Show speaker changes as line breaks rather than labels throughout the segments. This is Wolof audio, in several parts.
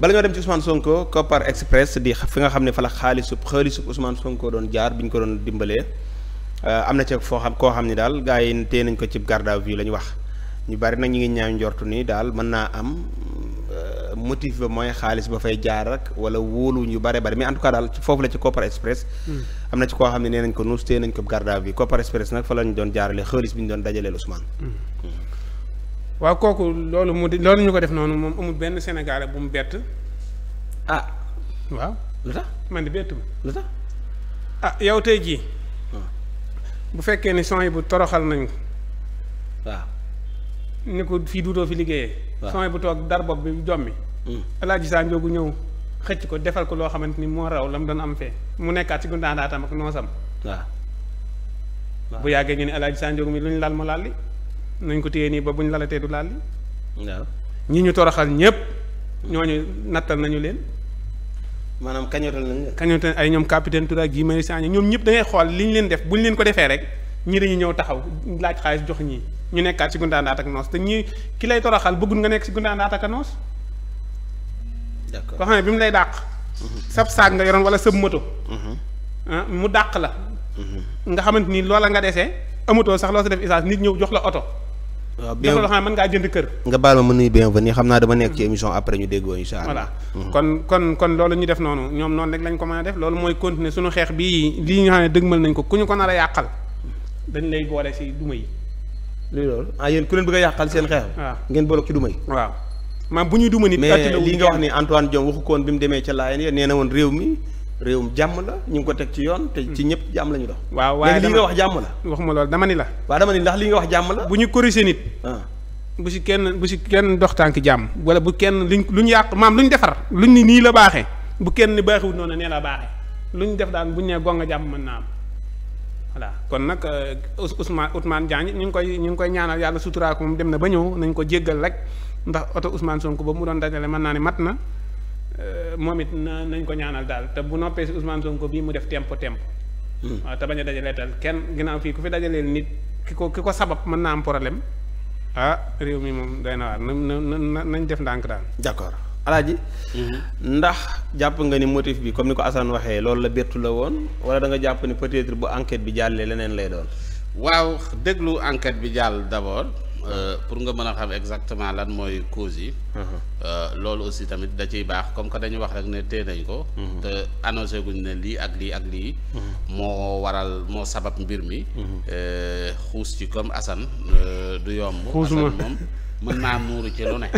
bala ñoo dem ci Ousmane Sonko Kopar Express di fi nga xam ne fa la xaalisub xaalisub Ousmane Sonko doon jaar bi ko doon dimbalee euh, am na ci foo xam koo xam ne daal gars yi téye nañ ko ci garde à la ñu wax ñu bari nag ñu ngi ñaaw njortu ni daal mën naa am euh, motif ba mooy xaalis jaar ak wala wóolu ñu bare bari mais en tout cas daal foofu la ci Kopar Express. Hmm. am na ci koo xam ne nee nañ ko nuus téye nañ ko garde à vue Express nag fa ñu doon jaarale xaalis bi doon dajaleel Ousmane. Hmm.
Hmm. waaw kooku loolu mu di loolu ñu ko def noonu moom amul benn sénégalais bu mu bett. ah. waaw lu tax man di bett ma lu tax. ah yow tey jii. Ah. bu fekkee ni son bu toroxal nañ ko. Ah. waaw. ni ko fii duutoo fi liggéeyee. waaw ah. bu toog dara bopp bi jommi. Hmm. alaaji saa njoogu ñëw xëcc ko defal ko loo xamante ni moo raw la mu doon am fee mu nekkaat si gundaandaatam ak noosam. waaw. bu yàggee ñu ne alaaji saa njoogu mi lu ñu laal mu laal li nañ ko téye nii ba bu buñ lalatee du laal li waaw ñu toroxal ñëpp ñooñu nattal nañu leen.
maanaam kañootal nañ leen.
kañootal ay ñoom capitaine Touré ak yi Mari Sagna ñoom ñëpp da ngay xool li ñu leen def buñ leen ko defee rek ñii dañuy ñëw taxaw laaj xaalis jox ñii ñu nekkaat ci gundaandaat ak noos te ñii ki lay toroxal bëggul nga nekk si gundaandaat ak noos. koo xam ne bi mu lay dàq. Mhm. sab saak nga yoroon wala sab moto. Mhm. Ah, mu dàq la. Mhm. nga xamante ni loola nga dese amatoo sax loo sa def essence nit ñëw jox la oto. waaw bien loo xam ngaa jënd kër.
nga baal ma ma nuyu bienvenue xam naa dama nekk ci émission après ñu déggoo incha allah. voilà mm-hmm. kon
kon kon loolu ñu def noonu ñoom noonu rek lañ ko mën a def loolu mooy continuer suñu xeex bi lii
nga xam ne dëgmal nañ ko ku ñu ko nar a yàqal
dañ lay boole si duma yi.
lii loolu ah yéen ku leen bëgg a yàqal seen xeex. waaw ngeen boole ci duma yi. waaw maam bu ñuy duma nit. mais li nga wax ni Antoine Diome waxu koon bi mu demee ca Laayeen nee na woon réew mi réewum jàmm la ñu ngi ko teg ci yoon te ci hmm. ñëpp jàmm lañu dox waaw waaye li nga wax jàmm la waxuma loolu dama ni la waa dama ni ndax li nga wax jàmm la bu ñu corriger
nit ah. bu si kenn bu si kenn dox tànk jàmm wala bu kenn luñ lu ñu yàq maam lu ñu defar luñ ni nii la baaxe bu kenn ni baaxiwut noonu nee la baaxee lu ñu def daan bu ñu nee gonga jàmm man naa am voilà kon nag euh, Ousmane Ousmane Diagne ñu ngi koy ñu ngi koy ñaanal yàlla suturaa moom dem na ba ñëw nañ ko jéggal rek ndax oto Ousmane Sonko ba mu doon dajale mën naa ne mat na Euh, moom it na nañ ko ñaanal daal te bu noppee si Ousmane Sonko bii mu def tempo tempo. Hmm. waaw te bañ a dajaleetal kenn ginnaaw fii ku fi dajalee nit ki ko ki ko sabab mën naa am problème ah réew mi moom day na waar na nañ def ndànk daal.
d'accord alaaji mhm. ndax jàpp nga ni motif bi comme ni ko Assane waxee loolu la bettu la woon wala da nga jàpp
ni peut-être bu enquête bi jàllee leneen lay doon. waaw déglu enquête bi jàll d'abord. Euh, pour nga mën a xam exactement lan mooy cause yi. Uh-huh. Euh, loolu aussi tamit da ciy baax comme que dañu wax rek ne tee nañ ko. Uh-huh. te annoncé guñ ne lii ak lii ak lii. Uh-huh. moo waral moo sabab mbir mi. Euh, xuus ci comme Assane du yomb. xuus moom mën naa muuru ci lu ne.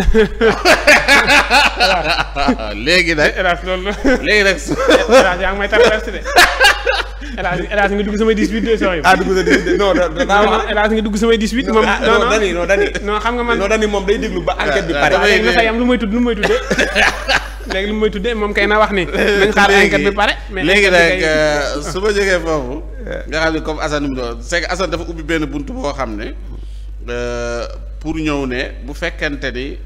léegi nag. léegi nag. yaa ngi may tàmbali de.
Elage nga dugg samay 18 200 yi. ah dugg sa 18 non da daa wax Elage nga dugg samay 18. moom ah, non non dani non dani. non xam nga man non dani moom day déglu ba enquête bi ah, pare. waaw léegi nag am lu may tudd lu may tuddee. léegi lu may tuddee moom kay na wax ni. nañ xaar enquête bi pare. mais léegi nag euh, su ma
jógee foofu. nga xam ne comme Assane ni mu doon c'est que Assane dafa ubbi benn buntu boo xam ne euh, pour ñëw ne bu fekkente ni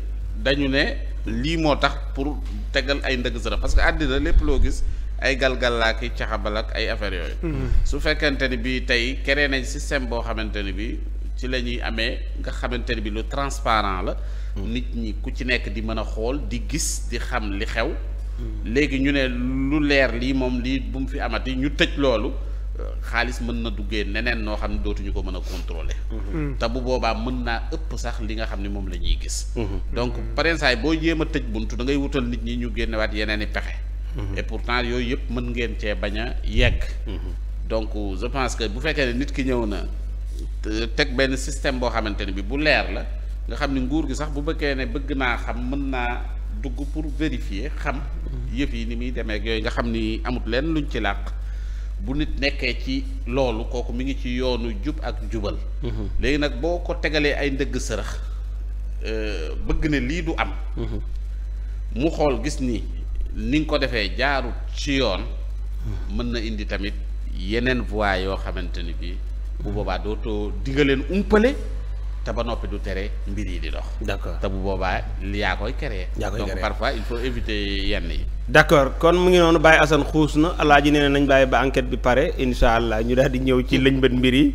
dañu ne lii moo tax pour tegal ay ndëgg sërëx parce que àddina lépp loo gis ay galgalaak i caxabalak ay affaire yooyu mm-hmm. su fekkente ni bi tey créé nañ système boo xamante ni bi ci la ñuy amee nga xamante ni bi lu transparent la mm-hmm. nit ñi ku ci nekk di mën a xool di gis di xam li xew mm-hmm. léegi ñu ne lu leer lii moom lii bu mu fi amati ñu tëj loolu euh, xaalis mën na duggee neneen noo xam ne dootuñu ko mën a contrôler te bu boobaa mën naa ëpp sax li nga xam ni moom la ñuy gis donc parensaay boo jéem ma tëj bunt da ngay wutal nit ñi ñu génnewaat yeneen i pexe Mhm. et pourtant yooyu yëpp mën ngeen cee bañ a yegg. Mhm. donc je pense que bu fekkee nit ki ñëw na teg benn système boo xamante ne bi bu leer la nga xam ni nguur gi sax bu bëggee ne bëgg naa xam mën naa dugg pour vérifier xam. Mhm. yëf yi ni muy demee ak yooyu nga xam ni amut leen luñ ci làq. bu nit nekkee ci loolu kooku mu ngi ci yoonu jub ak jubal. léegi nag boo ko tegalee ay ndëgg sërëx euh, bëgg ne lii du am. mu xool gis nii ni nga ko defee jaarut ci yoon mën na indi tamit yeneen voies yoo xamante ni bii bu boobaa dootoo dinga leen umpale te ba noppi du tere mbir yi di dox. d'accord te bu boobaa yaa koy kere yaa koy créer donc parfois il faut éviter yenn yi.
d'accord kon mu ngi noonu Baye Assane xuus na alaaji nee nañ bàyyi ba enquête bi pare incha allah ñu daal di ñëw ci lëñbët mbir yi.